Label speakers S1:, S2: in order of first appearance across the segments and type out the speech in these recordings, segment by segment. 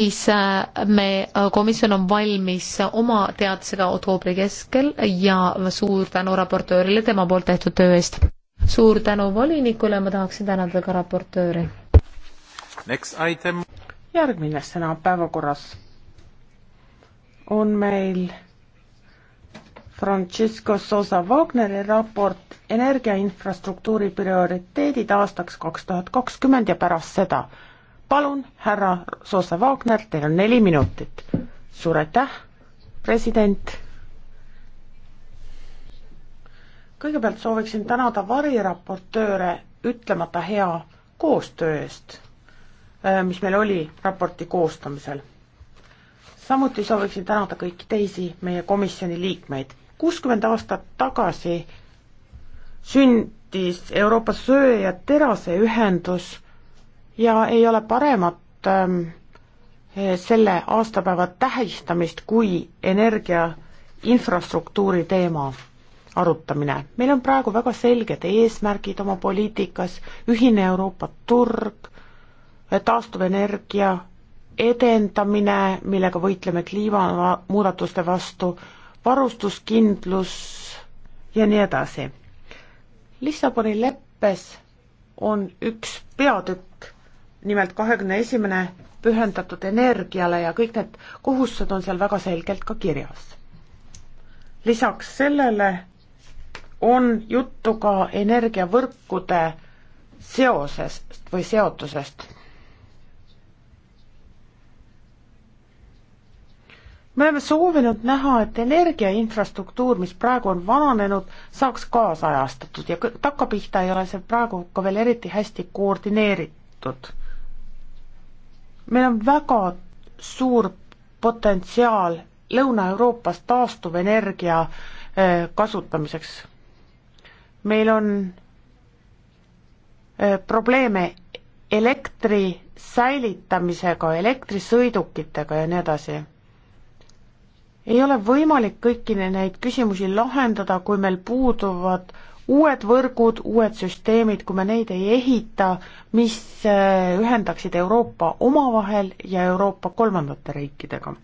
S1: siis äh, me, äh, komisjon on valmis oma teadusega oktoobri keskel ja suur tänu raportöörile tema poolt tehtud töö eest. suur tänu volinikule, ma tahaksin tänada ka raportööri. järgmine sõna päevakorras on meil Francisco Sosa Wagneri raport energiainfrastruktuuri prioriteedid aastaks kaks tuhat kakskümmend ja pärast seda palun, härra Soosa Wagner, teil on neli minutit. suur aitäh, president. kõigepealt sooviksin tänada variraportööre ütlemata hea koostöö eest, äh, mis meil oli raporti koostamisel. samuti sooviksin tänada kõiki teisi meie komisjoni liikmeid. kuuskümmend aastat tagasi sündis Euroopa söe- ja teraseühendus ja ei ole paremat ähm, eh, selle aastapäeva tähistamist kui energia infrastruktuuri teema arutamine. meil on praegu väga selged eesmärgid oma poliitikas, ühine Euroopa turg, taastuvenergia edendamine, millega võitleme kliimamuudatuste vastu, varustuskindlus ja nii edasi. Lissaboni leppes on üks peatükk nimelt kahekümne esimene pühendatud energiale ja kõik need kohustused on seal väga selgelt ka kirjas. lisaks sellele on juttu ka energiavõrkude seosest või seotusest. me oleme soovinud näha, et energiainfrastruktuur, mis praegu on vananenud, saaks kaasajastatud ja takkapihta ei ole see praegu ka veel eriti hästi koordineeritud meil on väga suur potentsiaal Lõuna-Euroopas taastuvenergia eh, kasutamiseks. meil on eh, probleeme elektri säilitamisega, elektrisõidukitega ja nii edasi. ei ole võimalik kõiki neid küsimusi lahendada, kui meil puuduvad uued võrgud, uued süsteemid, kui me neid ei ehita, mis äh, ühendaksid Euroopa omavahel ja Euroopa kolmandate riikidega.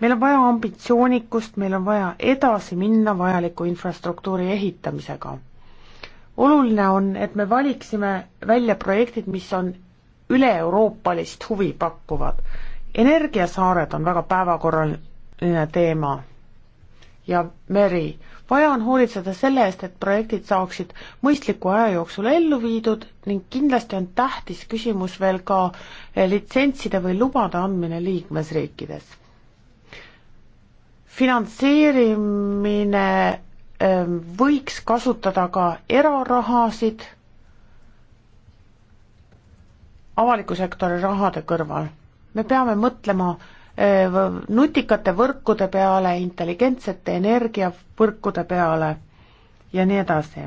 S1: meil on vaja ambitsioonikust, meil on vaja edasi minna vajaliku infrastruktuuri ehitamisega. oluline on, et me valiksime välja projektid, mis on üle-euroopalist huvi pakkuvad. energiasaared on väga päevakorraline teema ja meri. vaja on hoolitseda selle eest, et projektid saaksid mõistliku aja jooksul ellu viidud ning kindlasti on tähtis küsimus veel ka eh, litsentside või lubade andmine liikmesriikides. finantseerimine eh, võiks kasutada ka erarahasid avaliku sektori rahade kõrval. me peame mõtlema nutikate võrkude peale, intelligentsete energiavõrkude peale ja nii edasi.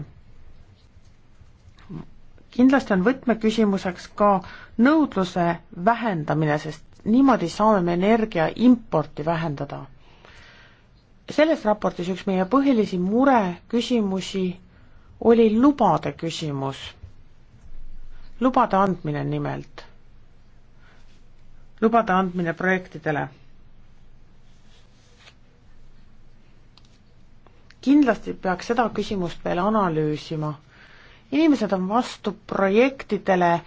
S1: kindlasti on võtmeküsimuseks ka nõudluse vähendamine, sest niimoodi saame me energia importi vähendada. selles raportis üks meie põhilisi mureküsimusi oli lubade küsimus, lubade andmine nimelt lubade andmine projektidele. kindlasti peaks seda küsimust veel analüüsima. inimesed on vastu projektidele,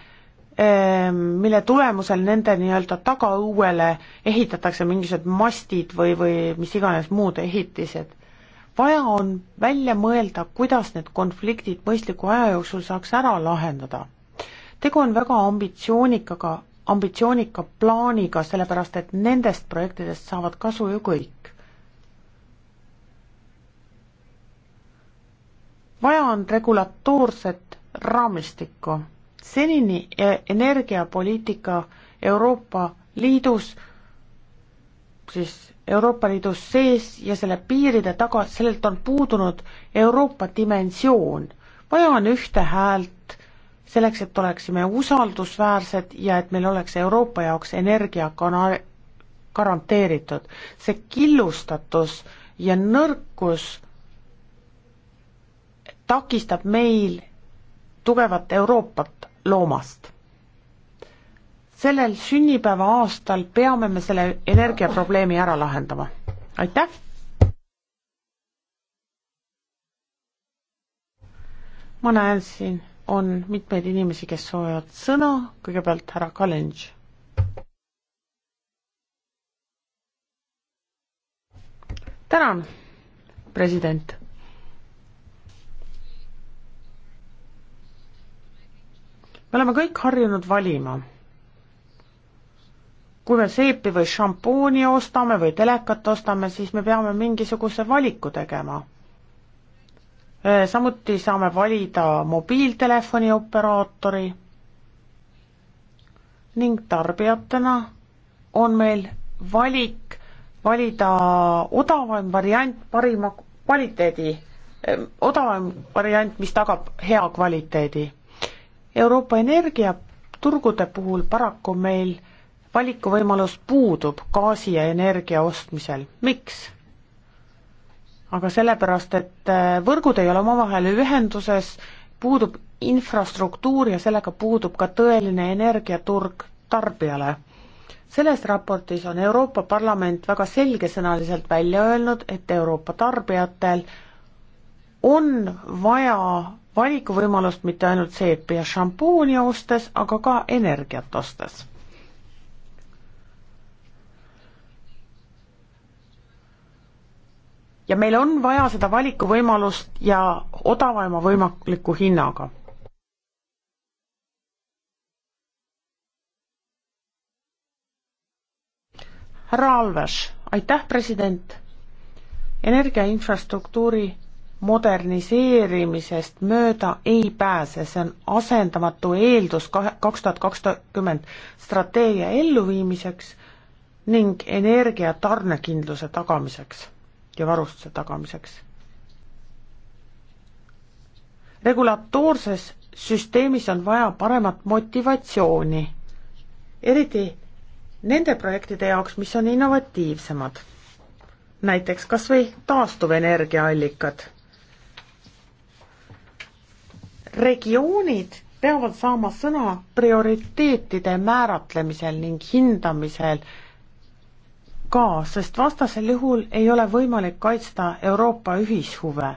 S1: ehm, mille tulemusel nende nii-öelda tagaõuele ehitatakse mingisugused mastid või, või mis iganes muud ehitised. vaja on välja mõelda, kuidas need konfliktid mõistliku aja jooksul saaks ära lahendada. tegu on väga ambitsioonikaga ambitsioonika plaaniga, sellepärast et nendest projektidest saavad kasu ju kõik. vaja on regulatoorset raamistikku. senini e-, energiapoliitika Euroopa Liidus, siis Euroopa Liidus sees ja selle piiride taga, sellelt on puudunud Euroopa dimensioon. vaja on ühte häält selleks, et oleksime usaldusväärsed ja et meil oleks Euroopa jaoks energia kana-, garanteeritud. see killustatus ja nõrkus takistab meil tugevat Euroopat loomast. sellel sünnipäeva aastal peame me selle energiaprobleemi ära lahendama. aitäh! ma näen siin on mitmeid inimesi, kes soovivad sõna, kõigepealt härra Kalenš. tänan, president. me oleme kõik harjunud valima. kui me seepi või šampooni ostame või telekat ostame, siis me peame mingisuguse valiku tegema Äh, samuti saame valida mobiiltelefoni operaatori ning tarbijatena on meil valik valida odavam variant parima kvaliteedi, äh, odavam variant, mis tagab hea kvaliteedi. Euroopa energiaturgude puhul paraku meil valikuvõimalus puudub gaasi ja energia ostmisel, miks? aga sellepärast, et äh, võrgud ei ole omavahel ühenduses, puudub infrastruktuur ja sellega puudub ka tõeline energiaturg tarbijale. selles raportis on Euroopa Parlament väga selgesõnaliselt välja öelnud, et Euroopa tarbijatel on vaja valikuvõimalust mitte ainult seepi ja šampooni ostes, aga ka energiat ostes ja meil on vaja seda valikuvõimalust ja odavaima võimaliku hinnaga. härra Alves, aitäh, president! energiainfrastruktuuri moderniseerimisest mööda ei pääse, see on asendamatu eeldus kahe, kaks tuhat kakskümmend strateegia elluviimiseks ning energia tarnekindluse tagamiseks ja varustuse tagamiseks. regulatoorses süsteemis on vaja paremat motivatsiooni, eriti nende projektide jaoks, mis on innovatiivsemad. näiteks kas või taastuvenergiaallikad. regioonid peavad saama sõna prioriteetide määratlemisel ning hindamisel ka, sest vastasel juhul ei ole võimalik kaitsta Euroopa ühishuve.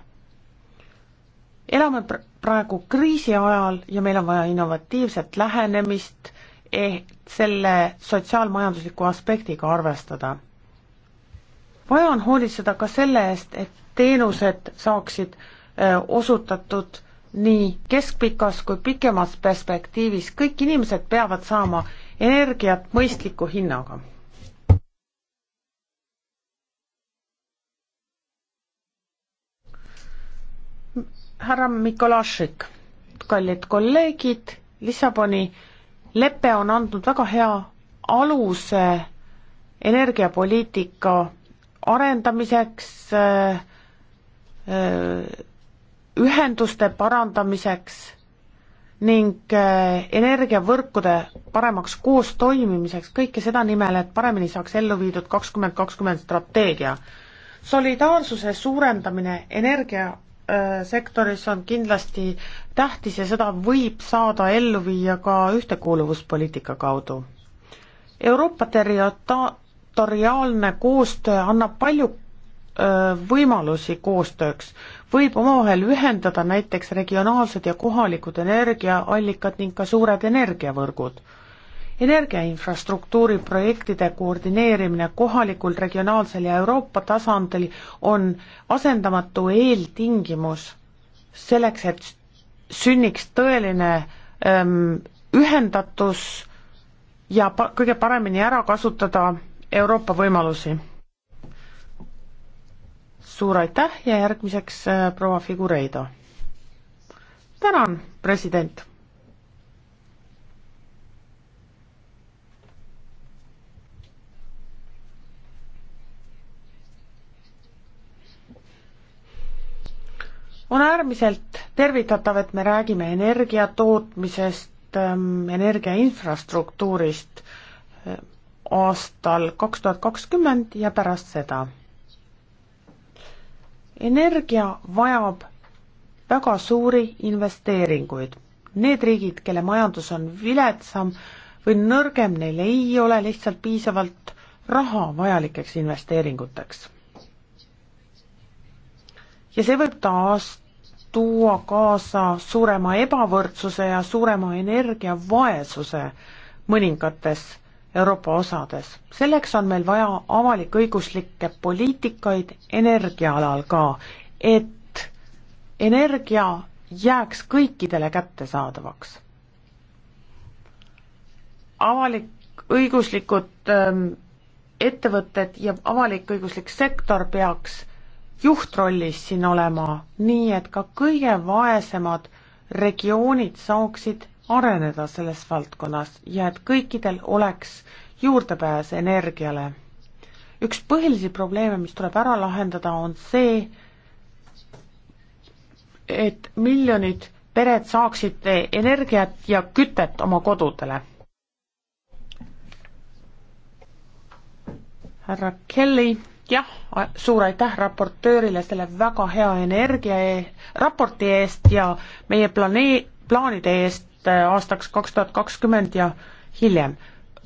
S1: elame praegu kriisi ajal ja meil on vaja innovatiivset lähenemist, et eh, selle sotsiaalmajandusliku aspektiga arvestada. vaja on hoolitseda ka selle eest, et teenused saaksid eh, osutatud nii keskpikas kui pikemas perspektiivis, kõik inimesed peavad saama energiat mõistliku hinnaga härra Mikolašik, kallid kolleegid, Lissaboni lepe on andnud väga hea aluse energiapoliitika arendamiseks, äh, äh, ühenduste parandamiseks ning äh, energiavõrkude paremaks koostoimimiseks, kõike seda nimel, et paremini saaks ellu viidud kakskümmend kakskümmend strateegia. solidaarsuse suurendamine energia Äh, sektoris on kindlasti tähtis ja seda võib saada ellu viia ka ühtekuuluvuspoliitika kaudu. Euroopa territoriaalne koostöö annab palju öö, äh, võimalusi koostööks, võib omavahel ühendada näiteks regionaalsed ja kohalikud energiaallikad ning ka suured energiavõrgud energiainfrastruktuuri projektide koordineerimine kohalikul, regionaalsel ja Euroopa tasandil on asendamatu eeltingimus selleks, et sünniks tõeline öm, ähm, ühendatus ja pa-, kõige paremini ära kasutada Euroopa võimalusi. suur aitäh ja järgmiseks äh, proua Figureido. tänan, president on äärmiselt tervitatav, et me räägime energia tootmisest, ähm, energia infrastruktuurist äh, aastal kaks tuhat kakskümmend ja pärast seda. energia vajab väga suuri investeeringuid. Need riigid, kelle majandus on viletsam või nõrgem, neil ei ole lihtsalt piisavalt raha vajalikeks investeeringuteks. ja see võib taas tuua kaasa suurema ebavõrdsuse ja suurema energiavaesuse mõningates Euroopa osades. selleks on meil vaja avalik-õiguslikke poliitikaid energia alal ka, et energia jääks kõikidele kättesaadavaks. avalik-õiguslikud ähm, ettevõtted ja avalik-õiguslik sektor peaks juhtrollis siin olema, nii et ka kõige vaesemad regioonid saaksid areneda selles valdkonnas ja et kõikidel oleks juurdepääs energiale. üks põhilisi probleeme, mis tuleb ära lahendada, on see, et miljonid pered saaksid energiat ja kütet oma kodudele. härra Kelly jah, suur aitäh raportöörile selle väga hea energia e raporti eest ja meie planee-, plaanide eest äh, aastaks kaks tuhat kakskümmend ja hiljem.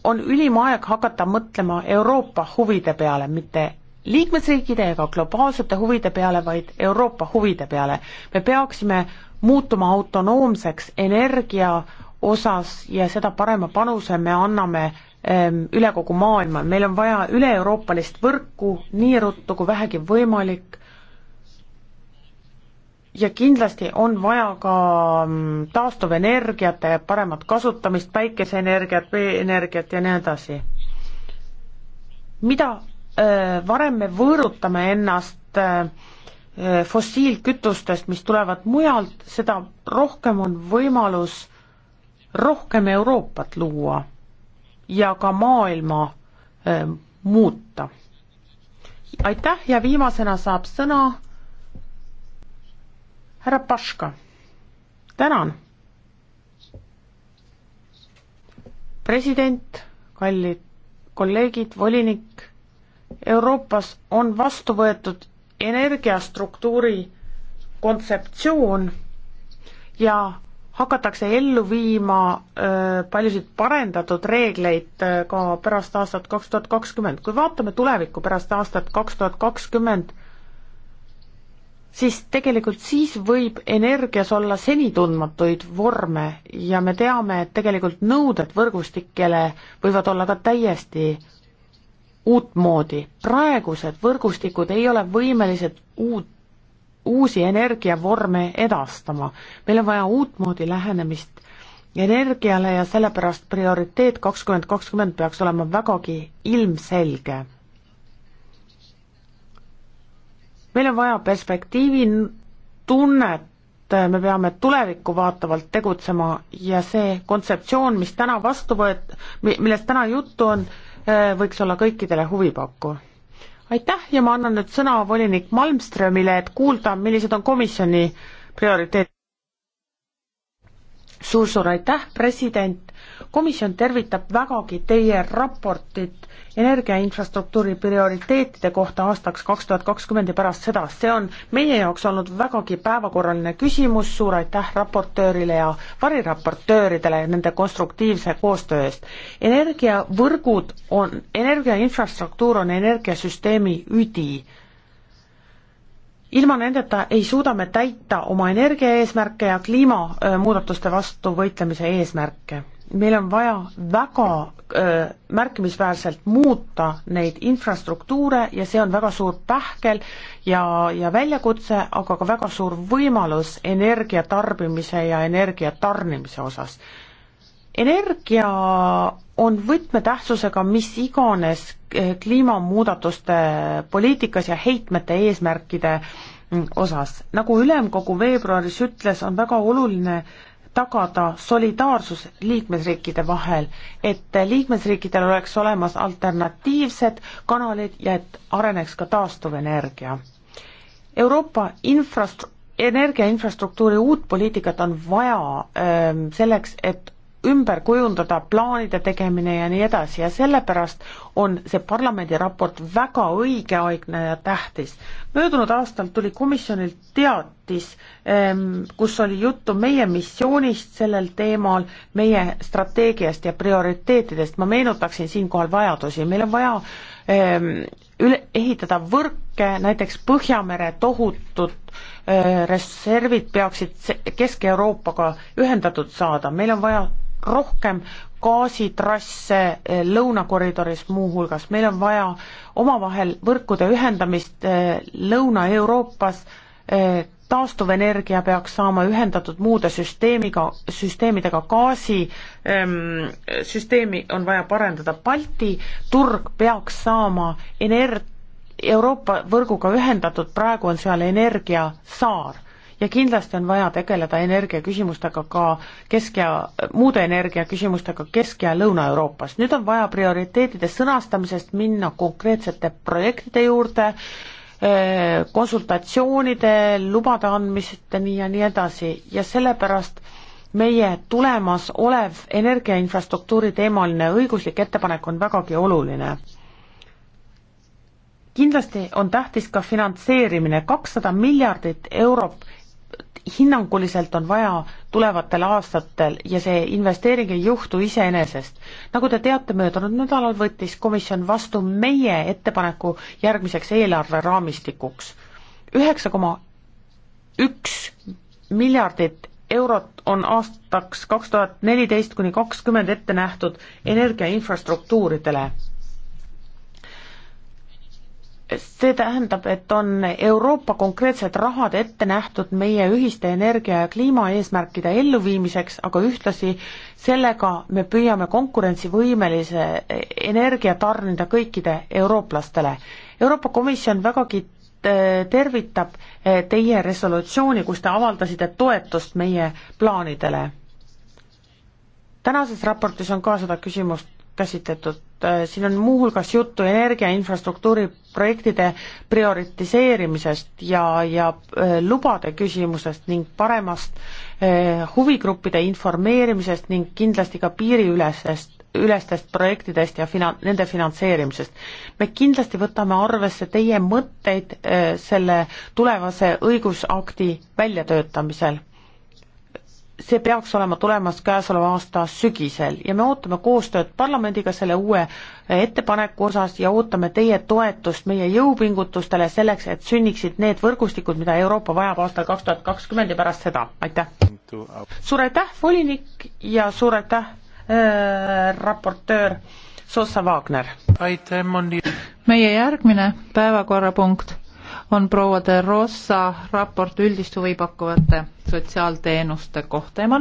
S1: on ülim aeg hakata mõtlema Euroopa huvide peale, mitte liikmesriikide ega globaalsete huvide peale, vaid Euroopa huvide peale. me peaksime muutuma autonoomseks energia osas ja seda parema panuse me anname äh, Ehm, üle kogu maailma, meil on vaja üle-euroopalist võrku nii ruttu kui vähegi võimalik ja kindlasti on vaja ka mm, taastuvenergiate paremat kasutamist, päikeseenergiat, veeenergiat ja nii edasi. mida äh, varem me võõrutame ennast äh, fossiilkütustest, mis tulevad mujalt, seda rohkem on võimalus rohkem Euroopat luua ja ka maailma äh, muuta. aitäh ja viimasena saab sõna härra Paška. tänan. president, kallid kolleegid, volinik, Euroopas on vastu võetud energiastruktuuri kontseptsioon ja hakatakse ellu viima öö, paljusid parendatud reegleid öö, ka pärast aastat kaks tuhat kakskümmend. kui vaatame tulevikku pärast aastat kaks tuhat kakskümmend, siis tegelikult siis võib energias olla seni tundmatuid vorme ja me teame, et tegelikult nõuded võrgustikele võivad olla ka täiesti uutmoodi. praegused võrgustikud ei ole võimelised uut uusi energiavorme edastama. meil on vaja uutmoodi lähenemist energiale ja sellepärast prioriteet kakskümmend kakskümmend peaks olema vägagi ilmselge. meil on vaja perspektiivi tunnet, me peame tulevikku vaatavalt tegutsema ja see kontseptsioon, mis täna vastu võet-, millest täna juttu on, võiks olla kõikidele huvipakkuv aitäh ja ma annan nüüd sõna volinik Malmströmile, et kuulda, millised on komisjoni prioriteet suur,. suur-suur aitäh, president, komisjon tervitab vägagi teie raportit energiainfrastruktuuri prioriteetide kohta aastaks kaks tuhat kakskümmend ja pärast seda, see on meie jaoks olnud vägagi päevakorraline küsimus, suur aitäh raportöörile ja variraportööridele nende konstruktiivse koostöö eest. energiavõrgud on, energiainfrastruktuur on energiasüsteemi üdi ilma nendeta ei suuda me täita oma energiaeesmärke ja kliimamuudatuste vastu võitlemise eesmärke meil on vaja väga öö, märkimisväärselt muuta neid infrastruktuure ja see on väga suur pähkel ja, ja väljakutse, aga ka väga suur võimalus energia tarbimise ja energia tarnimise osas. energia on võtmetähtsusega mis iganes kliimamuudatuste poliitikas ja heitmete eesmärkide mm, osas. nagu Ülemkogu veebruaris ütles, on väga oluline tagada solidaarsus liikmesriikide vahel, et liikmesriikidel oleks olemas alternatiivsed kanalid ja et areneks ka taastuvenergia. Euroopa infrast-, energiainfrastruktuuri uut poliitikat on vaja öö, ähm, selleks, et ümber kujundada, plaanide tegemine ja nii edasi ja sellepärast on see parlamendi raport väga õigeaegne ja tähtis. möödunud aastal tuli komisjonilt teatis, ehm, kus oli juttu meie missioonist sellel teemal, meie strateegiast ja prioriteetidest, ma meenutaksin siinkohal vajadusi, meil on vaja ehm, üle, ehitada võrke, näiteks Põhjamere tohutud öö, ehm, reservid peaksid Kesk-Euroopaga ühendatud saada, meil on vaja rohkem gaasitrasse eh, lõunakoridoris muuhulgas, meil on vaja omavahel võrkude ühendamist eh, Lõuna-Euroopas, eh, taastuvenergia peaks saama ühendatud muude süsteemiga, süsteemidega, gaasisüsteemi ehm, on vaja parendada, Balti turg peaks saama energ-, Euroopa võrguga ühendatud, praegu on seal energiasaar ja kindlasti on vaja tegeleda energiaküsimustega ka Kesk- ja, muude energiaküsimustega Kesk- ja Lõuna-Euroopas. nüüd on vaja prioriteetide sõnastamisest minna konkreetsete projektide juurde, eh, konsultatsioonide, lubade andmisteni ja nii edasi ja sellepärast meie tulemas olev energiainfrastruktuuri teemaline õiguslik ettepanek on vägagi oluline. kindlasti on tähtis ka finantseerimine, kakssada miljardit eurot hinnanguliselt on vaja tulevatel aastatel ja see investeering ei juhtu iseenesest. nagu te teate, möödunud nädalal võttis komisjon vastu meie ettepaneku järgmiseks eelarveraamistikuks. üheksa koma üks miljardit eurot on aastaks kaks tuhat neliteist kuni kakskümmend ette nähtud energiainfrastruktuuridele see tähendab, et on Euroopa konkreetsed rahad ette nähtud meie ühiste energia- ja kliimaeesmärkide elluviimiseks, aga ühtlasi sellega me püüame konkurentsivõimelise energia tarnida kõikide eurooplastele. Euroopa Komisjon vägagi eh, tervitab eh, teie resolutsiooni, kus te avaldasite toetust meie plaanidele. tänases raportis on ka seda küsimust käsitletud. Äh, siin on muuhulgas juttu energiainfrastruktuuri projektide prioritiseerimisest ja, ja äh, lubade küsimusest ning paremast äh, huvigruppide informeerimisest ning kindlasti ka piiriülesest ülestest projektidest ja fina-, nende finantseerimisest. me kindlasti võtame arvesse teie mõtteid selle tulevase õigusakti väljatöötamisel see peaks olema tulemas käesoleva aasta sügisel ja me ootame koostööd parlamendiga selle uue ettepaneku osas ja ootame teie toetust meie jõupingutustele selleks, et sünniksid need võrgustikud, mida Euroopa vajab aastal kaks tuhat kakskümmend ja pärast seda, aitäh! suur aitäh, volinik, ja suur aitäh äh,, raportöör Sossa Wagner! meie järgmine päevakorrapunkt on proua De Rossa raport üldist huvi pakkuvate sotsiaalteenuste kohta ja ma